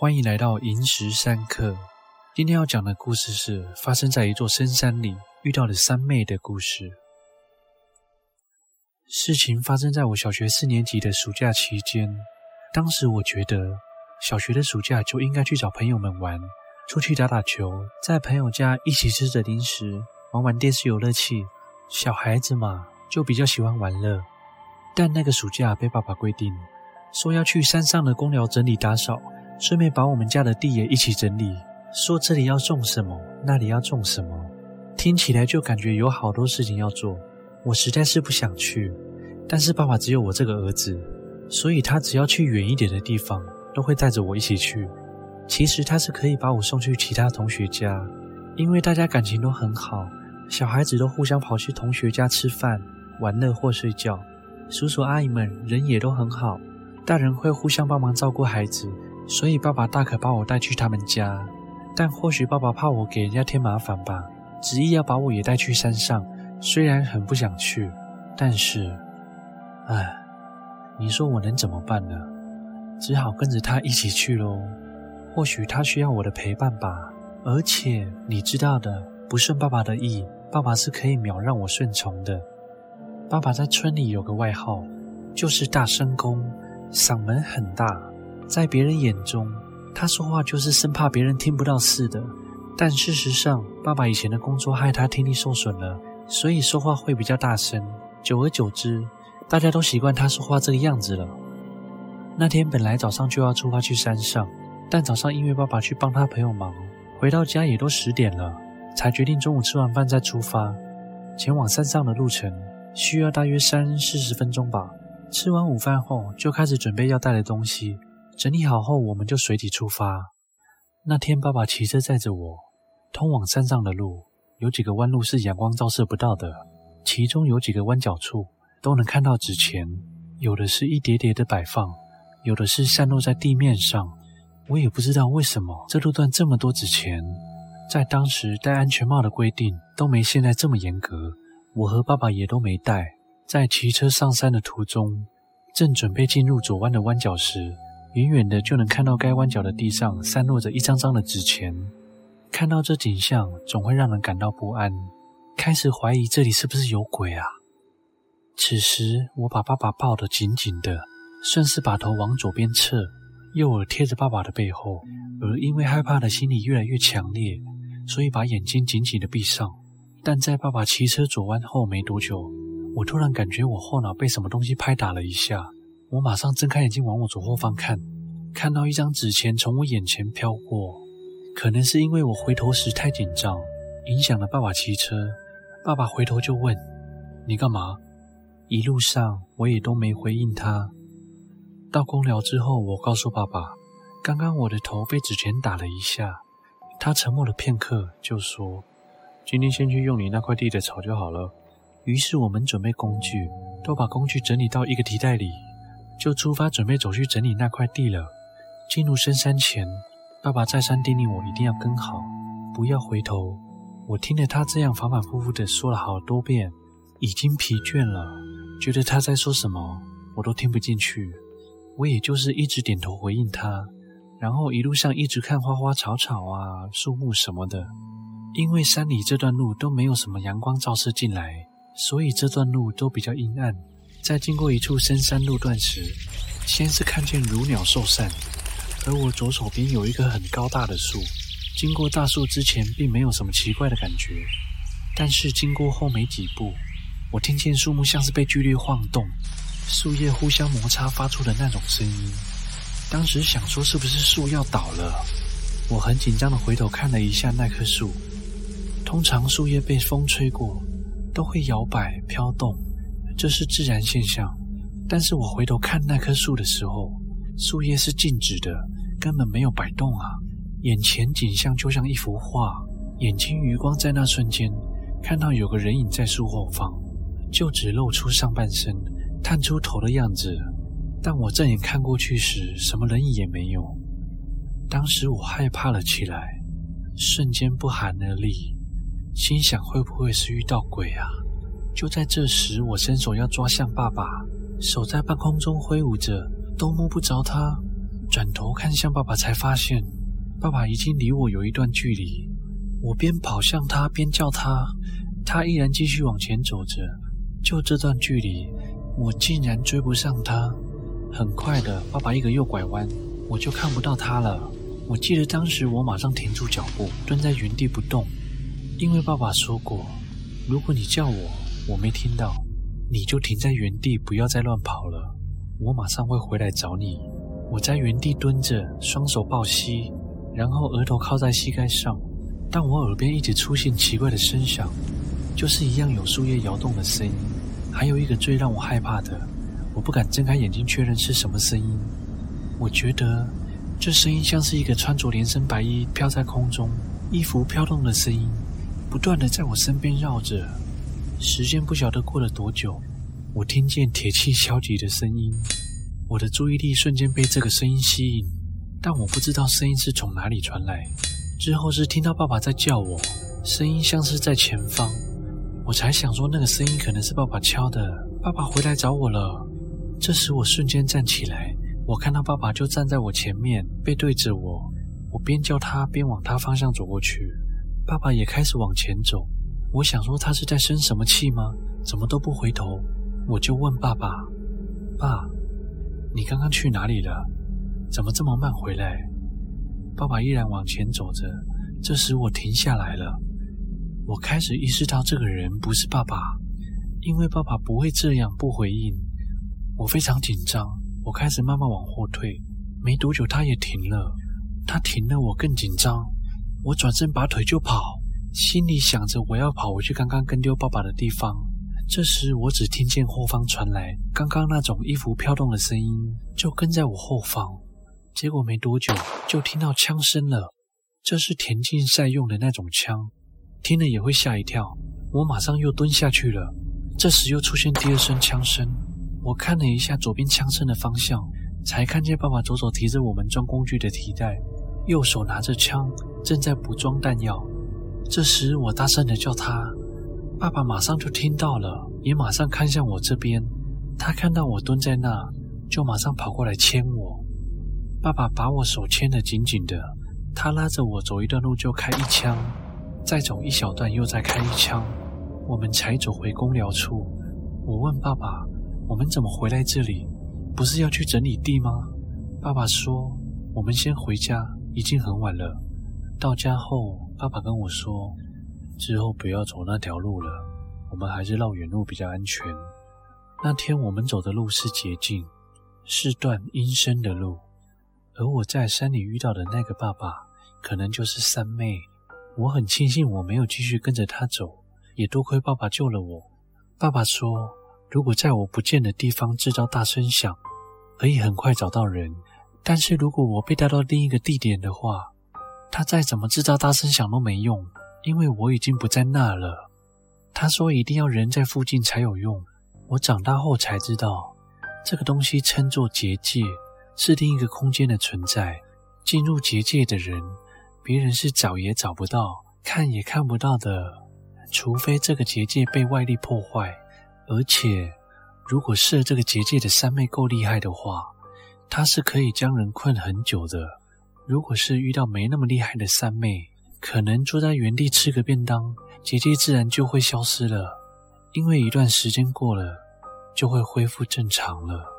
歡迎來到《螢石三刻》。今天要講的故事是發生在一座深山裡遇到了山魅的故事。事情發生在我小學四年級的暑假期間。當時我覺得，小學的暑假就應該去找朋友們玩，出去打打球，在朋友家一起吃着零食，玩玩電視遊樂器。小孩子嘛，就比較喜歡玩樂。但那個暑假被爸爸規定，說要去山上的工寮整理打掃。順便把我們家的地也一起整理，說這裡要種什麼，那裡要種什麼，聽起來就感覺有好多事情要做。我實在是不想去，但是爸爸只有我這個兒子，所以他只要去遠一點的地方，都會帶着我一起去。其實他是可以把我送去其他同學家，因為大家感情都很好，小孩子都互相跑去同學家吃飯、玩樂或睡覺。叔叔阿姨們人也都很好，大人會互相幫忙照顧孩子。所以爸爸大可把我帶去他們家，但或許爸爸怕我給人家添麻煩吧，執意要把我也帶去山上。雖然很不想去，但是，唉，你說我能怎麼辦呢？只好跟着他一起去嘍。或許他需要我的陪伴吧，而且你知道的，不順爸爸的意，爸爸是可以秒讓我順從的。爸爸在村裡有個外號，就是大聲公，嗓門很大。在別人眼中，他說話就是生怕別人聽不到似的。但事實上，爸爸以前的工作害他聽力受損了，所以說話會比較大聲。久而久之，大家都習慣他說話這個樣子了。那天本來早上就要出發去山上，但早上因為爸爸去幫他朋友忙，回到家也都十點了，才決定中午吃完飯再出發。前往山上的路程需要大約三四十分鐘吧。吃完午飯後，就開始準備要帶的東西。整理好後，我們就隨即出發。那天，爸爸騎車載着我，通往山上的路有幾個彎路是陽光照射不到的，其中有幾個彎角處都能看到紙錢，有的是一疊疊的擺放，有的是散落在地面上。我也不知道為什麼這路段這麼多紙錢，在當時戴安全帽的規定都沒現在這麼嚴格，我和爸爸也都沒戴。在騎車上山的途中，正準備進入左彎的彎角時，遠遠的就能看到該彎角的地上散落着一張張的紙錢，看到這景象總會讓人感到不安，開始懷疑這裡是不是有鬼啊？此時我把爸爸抱得緊緊的，順勢把頭往左邊側，右耳貼着爸爸的背後，而因為害怕的心理越來越強烈，所以把眼睛緊緊的閉上。但在爸爸騎車左彎後沒多久，我突然感覺我後腦被什麼東西拍打了一下。我馬上睜開眼睛，往我左後方看，看到一張紙錢從我眼前飄過。可能是因為我回頭時太緊張，影響了爸爸騎車。爸爸回頭就問：“你幹嘛？”一路上我也都沒回應他。到公寮之後，我告訴爸爸：“剛剛我的頭被紙錢打了一下。”他沉默了片刻，就說：“今天先去用你那塊地的草就好了。”於是我們準備工具，都把工具整理到一個提袋裡。就出發準備走去整理那塊地了。進入深山前，爸爸再三叮嚀我一定要跟好，不要回頭。我聽了他這樣反反复复的說了好多遍，已經疲倦了，覺得他在說什麼我都聽不進去。我也就是一直點頭回應他，然後一路上一直看花花草草啊、樹木什麼的。因為山裡這段路都沒有什麼陽光照射進來，所以這段路都比較陰暗。在經過一處深山路段時，先是看見如鳥獸散，而我左手邊有一棵很高大的樹。經過大樹之前，並沒有什麼奇怪的感覺，但是經過後沒幾步，我聽見樹木像是被劇烈晃動，樹葉互相摩擦發出的那種聲音。當時想說是不是樹要倒了，我很緊張的回頭看了一下那棵樹。通常樹葉被風吹過，都會搖擺飄動。這是自然現象，但是我回頭看那棵樹的時候，樹葉是靜止的，根本沒有擺動啊！眼前景象就像一幅畫，眼睛餘光在那瞬間看到有個人影在樹後方，就只露出上半身，探出頭的樣子。但我正眼看過去時，什麼人影也沒有。當時我害怕了起來，瞬間不寒而慄，心想會不會是遇到鬼啊？就在這時，我伸手要抓向爸爸，手在半空中揮舞着，都摸不着他。轉頭看向爸爸，才發現爸爸已經離我有一段距離。我邊跑向他，邊叫他，他依然繼續往前走着。就這段距離，我竟然追不上他。很快的，爸爸一個右拐彎，我就看不到他了。我記得當時我馬上停住腳步，蹲在原地不動，因為爸爸說過，如果你叫我，我沒聽到，你就停在原地，不要再亂跑了。我馬上會回來找你。我在原地蹲着，雙手抱膝，然後額頭靠在膝蓋上。但我耳邊一直出現奇怪的聲響，就是一樣有樹葉搖動的聲音。還有一個最讓我害怕的，我不敢睜開眼睛確認是什麼聲音。我覺得這聲音像是一個穿着連身白衣飄在空中，衣服飄動的聲音，不斷地在我身邊繞着。時間不曉得過了多久，我聽見鐵器敲擊的聲音，我的注意力瞬間被這個聲音吸引，但我不知道聲音是從哪裡傳來。之後是聽到爸爸在叫我，聲音像是在前方，我才想說那個聲音可能是爸爸敲的，爸爸回來找我了。這時我瞬間站起來，我看到爸爸就站在我前面，背對着我，我邊叫他邊往他方向走過去，爸爸也開始往前走。我想說，他是在生什麼氣嗎？怎麼都不回頭？我就問爸爸：“爸，你剛剛去哪裡了？怎麼這麼慢回來？”爸爸依然往前走着。這時我停下來了。我開始意識到這個人不是爸爸，因為爸爸不會這樣不回應。我非常緊張，我開始慢慢往後退。沒多久，他也停了。他停了，我更緊張。我轉身拔腿就跑。心裡想着我要跑回去剛剛跟丟爸爸的地方，這時我只聽見後方傳來剛剛那種衣服飄動的聲音，就跟在我後方。結果沒多久就聽到槍聲了，這是田徑賽用的那種槍，聽了也會嚇一跳。我馬上又蹲下去了。這時又出現第二聲槍聲，我看了一下左邊槍聲的方向，才看見爸爸左手提着我們裝工具的提袋，右手拿着槍正在補裝彈藥。這時，我大聲地叫他，爸爸馬上就聽到了，也馬上看向我這邊。他看到我蹲在那，就馬上跑過來牽我。爸爸把我手牽得緊緊的，他拉着我走一段路就開一槍，再走一小段又再開一槍。我們才走回工寮處。我問爸爸：“我們怎麼回來這裡？不是要去整理地嗎？”爸爸說：“我們先回家，已經很晚了。到家後。”爸爸跟我說，之後不要走那條路了，我們還是繞遠路比較安全。那天我們走的路是捷徑，是段陰森的路，而我在山裡遇到的那個爸爸，可能就是山魅。我很慶幸我沒有繼續跟着他走，也多虧爸爸救了我。爸爸說，如果在我不見的地方制造大聲響，可以很快找到人，但是如果我被帶到另一個地點的話，他再怎麼制造大聲響都沒用，因為我已經不在那了。他說一定要人在附近才有用。我長大後才知道，這個東西稱作結界，是另一個空間的存在。進入結界的人，別人是找也找不到，看也看不到的，除非這個結界被外力破壞。而且，如果設這個結界的山魅夠厲害的話，他是可以將人困很久的。如果是遇到沒那麼厲害的山魅，可能坐在原地吃個便當，結界自然就會消失了，因為一段時間過了，就會恢復正常了。